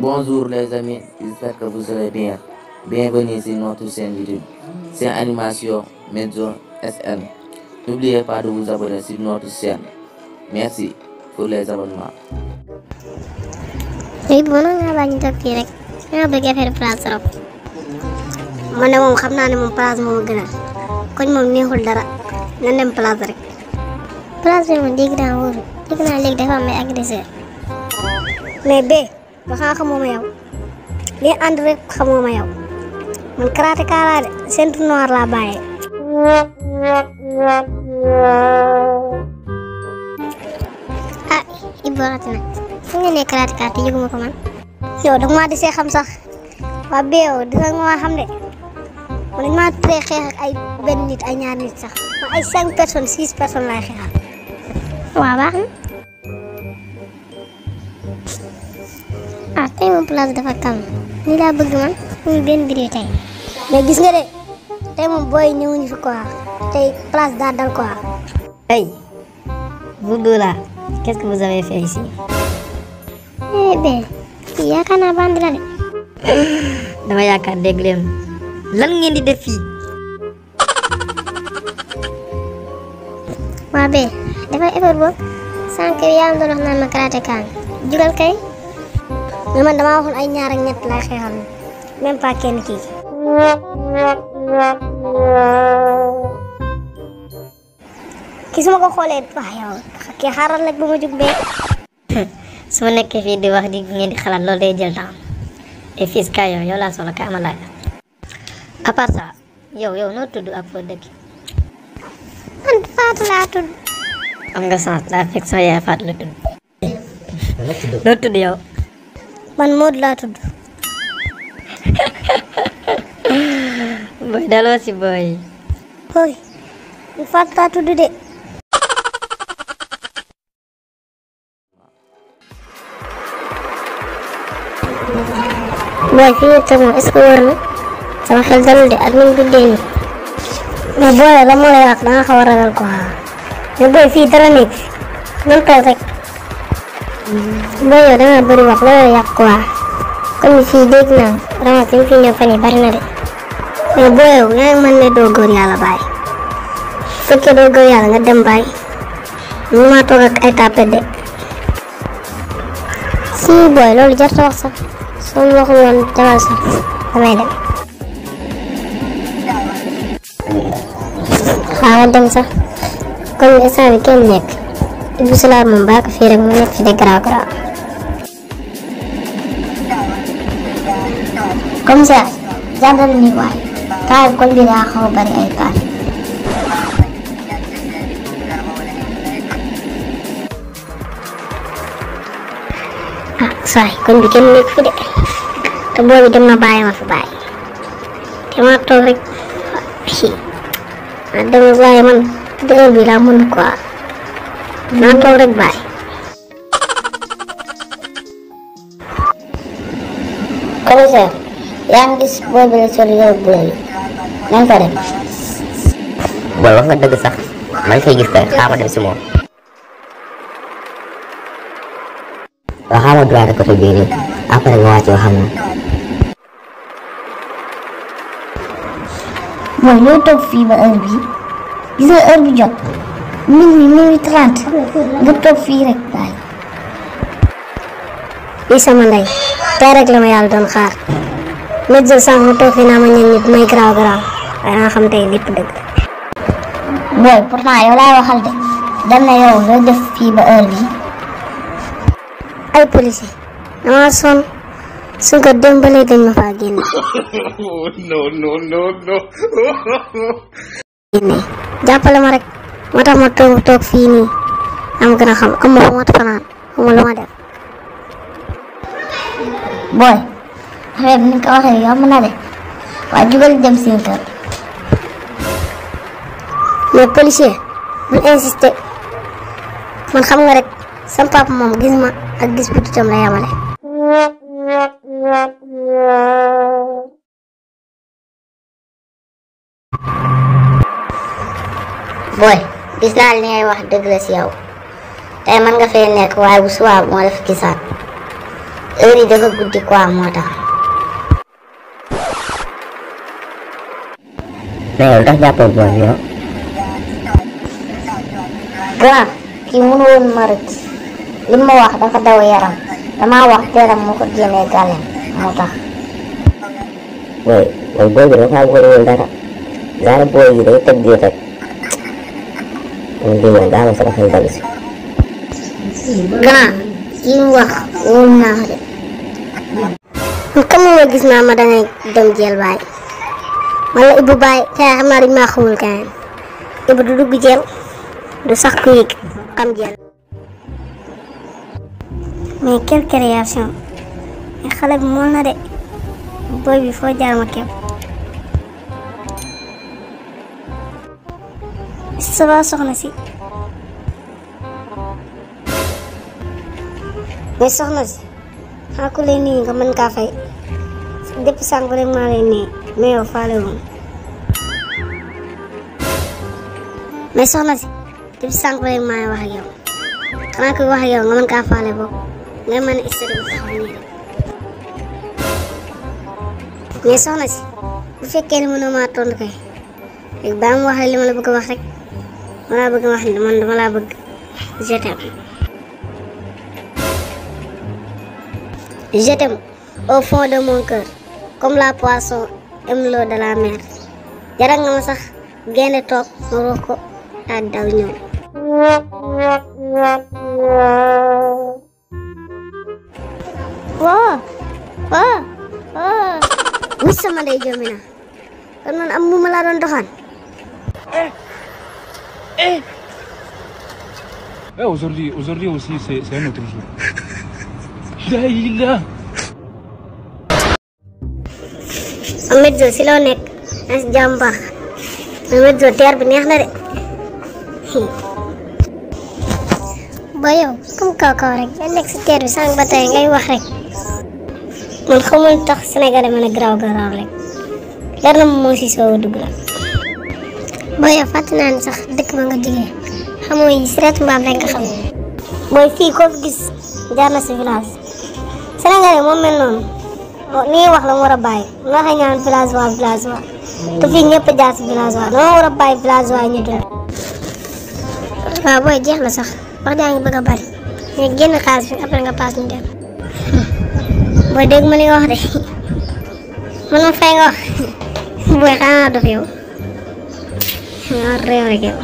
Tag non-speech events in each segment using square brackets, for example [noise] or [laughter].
Bonjour les amis, j'espère que vous allez bien. Bienvenue sur notre chaîne YouTube. C'est Animation Médio SN. N'oubliez pas de vous abonner sur notre chaîne. Merci pour les abonnements. léegi mënoon ngaa bañ a toog fii rek nga bëgg affaire place trop man moom xam naa moom place moom gën a koñ moom neexul dara nga dem place rek. place bi moom dégg naa wóorul dégg naa léegi nga xam xamoo ma yow lii ànd rek xamoo ma man karaté kaa de ceinture noire laa bàyyee. ah Ibou waxati nag fu nga nee karaté kaa te yëguma ko man yow xam sax waa beew dina maa xam de man dañ maa turee xeex ay benn nit ay ñaar nit sax ay cinq personnes six personnes laay xeexal waaw baax ah tey moom place dafa calme ni laa bëgg man muy benn bruit tey mais gis nga de tey moom booy ñëwuñu fi quoi tey place daa dal quoi. hey vous deux là qu'est-ce que vous avez fait ici. Eh yaakaar naa bandi la de. [laughs] dama yaakaar dégg leen lan ngeen di def fii. waa be dafa effort boobu sànq yaa ngi doon wax naan ma karaté kaan jugal kay. mais man damaa waxoon ay ñaar ak ñett laa xeexal même pas kenn kii. ki su ma ko xoolee wax yow kii xaaral nag ba ma jug bee. [laughs] su ma nekkee fii di wax di ngeen di xalaat loolu day jël temps et fils ka yow yow laa soxla ka ama laaj à part ça yow yow tudd ak foo dëkk. man Fatou laa tudd. am nga sens tudd. [laughs] noo man Modou laa tudd. booy daloo booy. booy ñu fàtt tudd de. booy fi ñu teg moom est-ce que wóor xel dalul de ak bindee nii. mais booy la moo lay wax da nga xaw a ragal quoi booy fii dara nekk nan toog booy yow danga bëri wax loolu yàq quoi comme fii dégg naa rawaat li fi ñëw fan yi bari na de booy yow yaa ngi mën ne doo góor yàlla bàyyi fekkee doo góor yàlla nga dem bàyyi ñu maa toog ay tapet de si booy loolu jar na sax soo ma waxul woon demal sax damay dem. xaaral dem sax comme instant bi kenn nekk. Visselaar moom baa ko fii rek mu nekk fi de garaaw garaaw. commissaire jàngal ni waay taal bi daa xaw a ay taal. ah saa bi dem na bàyyi ma fi bàyyi te maa toog rek ah dem na bàyyi man dëgër bi laa mën quoi. nan toog rek bàyyi. commissaire yaa ngi gis booy bi la sol yow bu lay nañ ko def. wax nga dëgg sax man kay xaama dem si nga wàcc yoo xam ne. mooy loo fii ba heure bi gis nga heure jot. minuit minuit trente nga toog fii rek waaye lii sama ndey tey rek la ma yàlla doon xaar ma jël sànq ma toog ma ñeen may garaaw garaaw waaye naa xam tey lépp dëgg booy pourtant yow laay waxal de dem na yow nga def fii ba heure bi ay police dama sonn su ko dem ba léegi ma faa génne [laughs] non [laughs] jàppale ma rek moo tax ma toog toog fii nii am gën a xam comme moom moo tafanaan xamul lu ma def. booy affaire bi waxee yomb na de waa jugal dem seen kër. mais policier bul insister man xam nga rek sam papa moom gis ma ak gis bu tutam la yamale. booy. gis naa li ngay wax dëgg la si yow tey mën nga fee nekk waaye bu subaa moo def gisaat heure yi dafa guddi quoi moo tax. mais yow ndax jàppoo booy bi yow. grand kii mënu woon ma rëcc li ma wax dafa daw yaram damaa wax teeram moo ko génnee gàllen moo tax. mooy mooy booy bi rek. man di wax daanaka sama gis naa ma dangay dem jël baay wala Ibou Baye tey xam naa dañ maa xamul kañ du dugg jël du sax ku yëg xam mais quelle création mais xale mool na de booy bi foo jaar saba soxna si si xanaa ku lay nuyu nga mën kaa fay dépp sànq rek maa lay nuyu mais yow faale woon mais soxna si dépp sànq rek maa ngi wax ak yow xanaa kuy wax ak yow nga mën kaa faale boobu ngay mën a istari bu taxaw nii rek mais soxna si bu fekkee ne mënoo maa tontu kay léegi baa mu wax li ma la bëgg a wax ma laa bëgg wax ne man dama bëgg je t'aime au fond de mon comme la poisson aime de la mer jara nga ma sax gaynde toog ma ruux ko daal daw ñëw woo woo woo sama day joomi na man am ma laa doon doxaan eh, Et... Eh, aujourd'hui, eh, aujourd'hui aussi, c'est un autre jour. Daïla. Ahmed Zo si teer bi neex na de. ba yow kaw kaw rek nga nekk si teer bi sànq ba tey ngay wax rek. man xamul tax Sénégal mën a garaaw garaaw rek leer na moom moo si la. booy yow fàtte naa ne sax dëkk ba nga jógee xamoo yi sireetu mbaam rek nga xam booy fii koo fi gis jaar na si village sénégalais moom mel noonu li wax la mu war a bàyyi nga xëy ñaan village waa village waa te fii ñëpp jaar si village waa dama war a bàyyi village waa ñu dund waaw booy jeex na sax wax daa ngi bëgg a bari ñu génn xaalis bi après nga paas ñu dem booy dégg ma li nga wax de [laughs] man ma fay nga wax booy xanaa dof yow waaw réew rek yow.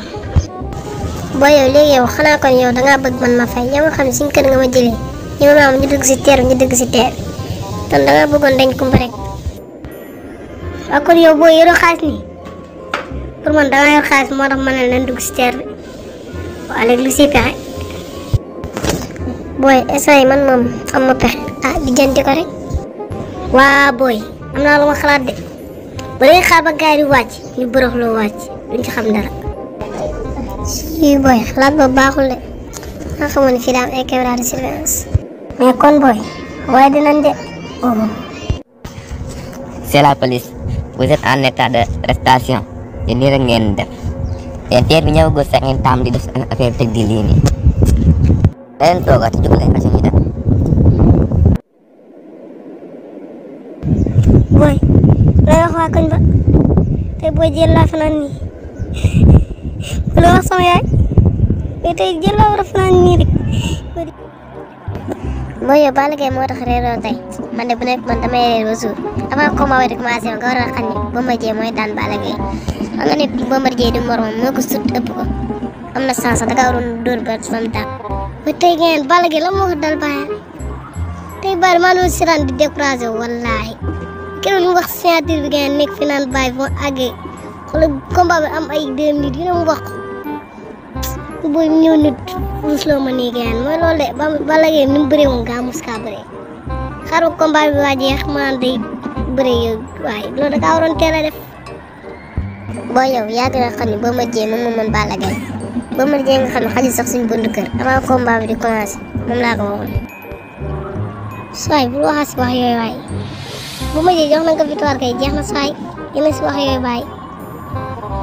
booy yow léegi yow xanaa kon yow dangaa bëgg man ma fay yow nga xam si kër nga ma jëlee ñu ma maam ñu dëgg si teer ñu dëgg si teer kon dangaa bëggoon dañ kumpa rek. ma ne leen dugg si teer bi waaw léegi lu siy pexe. booy instant yi man moom am ma pexe ah di jënti ko rek. waa booy am naa lu ma xalaat de ba léegi gaari wàcc ñu boroxloo wàcc. duñ ci dara si booy xalaat ba baaxul de nga xamoon ne fii daa am ay caméra de de oh. c'est la police vous êtes en état de arrestation yéen nii rek ngeen def yéen teer bi ñëwagul sax di def seen affaire teg di lii nii da leen toogaat jóg leen fas laa fanaan nii lu wax sama a fanaan nii rek moo tax réeroo tey man de bu nekk man damay réer ba suur avant combat bi di commencé nga war a xam ne daan Balla Gaye xam nga ne Bombardier du moromam moo ko sut ëpp ko am na sens da ngaa waroon dóor ba ba mu daan ba tey ngeen Balla Gaye la moo di découragé wallaahi kenn wax signature bi ngeen nekk fi naan bàyyi boo wala combat am ay deux dina mu wax ko booy ñëw nit ruusloo ma nii gën mooy loolu de ba Balla Gaye gaa mus kaa bëree xaru combat bi waa jeex maanaam day bëree waaye loolu da waroon teel a def. boo yow yàgg na xam ne boo ma moom moo mën boo ma nga xam ne xajul sax suñu bunt kër avant combat bi moom laa ko waxoon. saay bu waxaa si wax yooyu waay bu ma jox na nga victoire jeex na saay yéen a si wax yooyu baay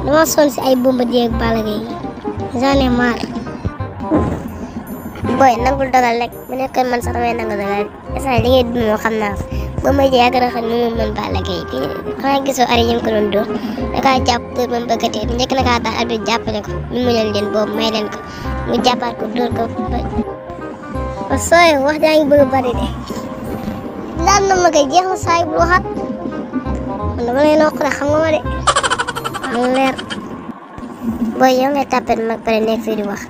dama sonn si ay Bombardier ak Balla Gaye j'en ai marre. booy nangul dogal rek bu nekkoon man sax damay nangu dogal rek instant li ngay dund moom xam naa na xam ne moom man Balla Gaye bi xanaa gisoo ari ñu ko doon dóor da mu bëggatee njëkk na kaa tax at ko mu jàppaat ko dóor ko ba. waaw sooy wax daa ngi bëgg a bari de daan na ma koy jeexal saa yu bul waxaat man dama lay xam nga ma de. mu leer booy yow nga tàppet mag pare nekk fii di wax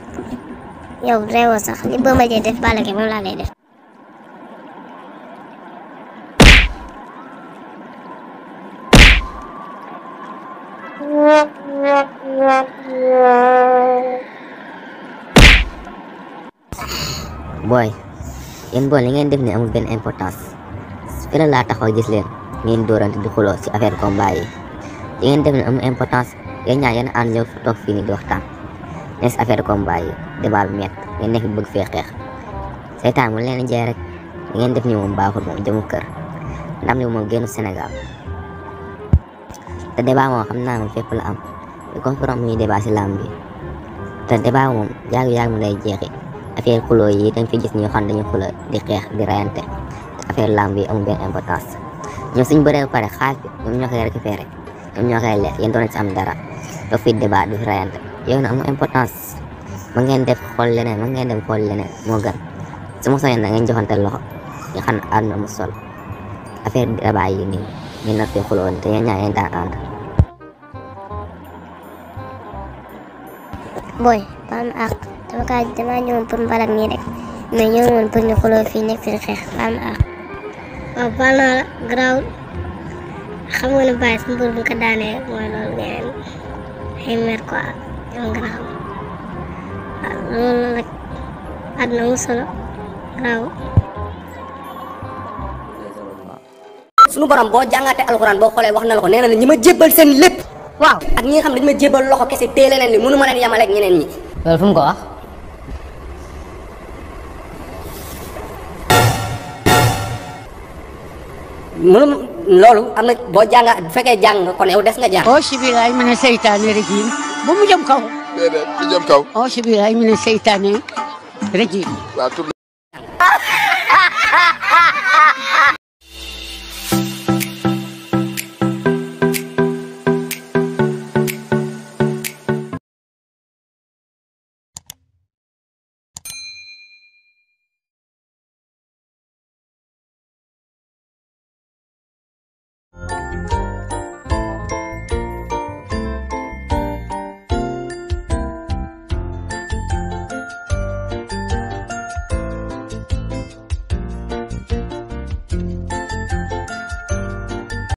yow reewoo sax li boo ma jee def Balla Gaye moom laa lay def booy yéen booy ngeen def ne amul benn importance fële laa taxaw gis leen ngeen dóorante di xuloo ci affaire combat yi yéen tamit am importance yéen ñaar yéen ànd toog fii nii di waxtaan ne affaire combat yi débat bi métti ngeen nekk bëgg fee def ni baaxul moom jëmu kër ndam li moom génn xam naa moom fépp la am lu comprendre mu ñuy débat si làmb bi te débat moom yàgg-yàgg mu lay dañ fi gis ñu xam dañu xuloo di xeex di rayante affaire làmb yi amul benn importance pare xaalis ñoom ñoo koy récupéré ñoo koy lekk yéen am dara doo fi débat du fi rayante yooyu importance ma ngeen def xool leneen ma ngeen dem xool leneen moo gën su ma soñoon na ngeen loxo nga xam ne àdduna mu sol affaire yi nii ñu fi xuloo te ñoo ñaar daan ànd boy baal ma àq dama kaa dama ñëwoon pour mbalag nii rek mais ñëwoon pour ñu xuloo fii nekk fi xeex baal ma àq waaw ah, baal naa xam nga ne bàyyi suñu bërëb bu ko daanee mooy loolu nga ay mer quoi ñoom borom boo jàngaatee alxuraan boo xoolee wax na la ko nee na la ma jébbal seen lépp. waaw ak ñi nga xam ne dañu ma jébbal loxo kese téye leneen li mënu ma leen yemale ñeneen ñi. loolu fu ko wax. mënum loolu am boo jànga bu fekkee jàng nga kon yow des nga jàng. oosu oh, bilaay mu ne seytaane rajim ba mu jëm kaw. déedéet mu jëm kaw. oosu oh, bilaay mu ne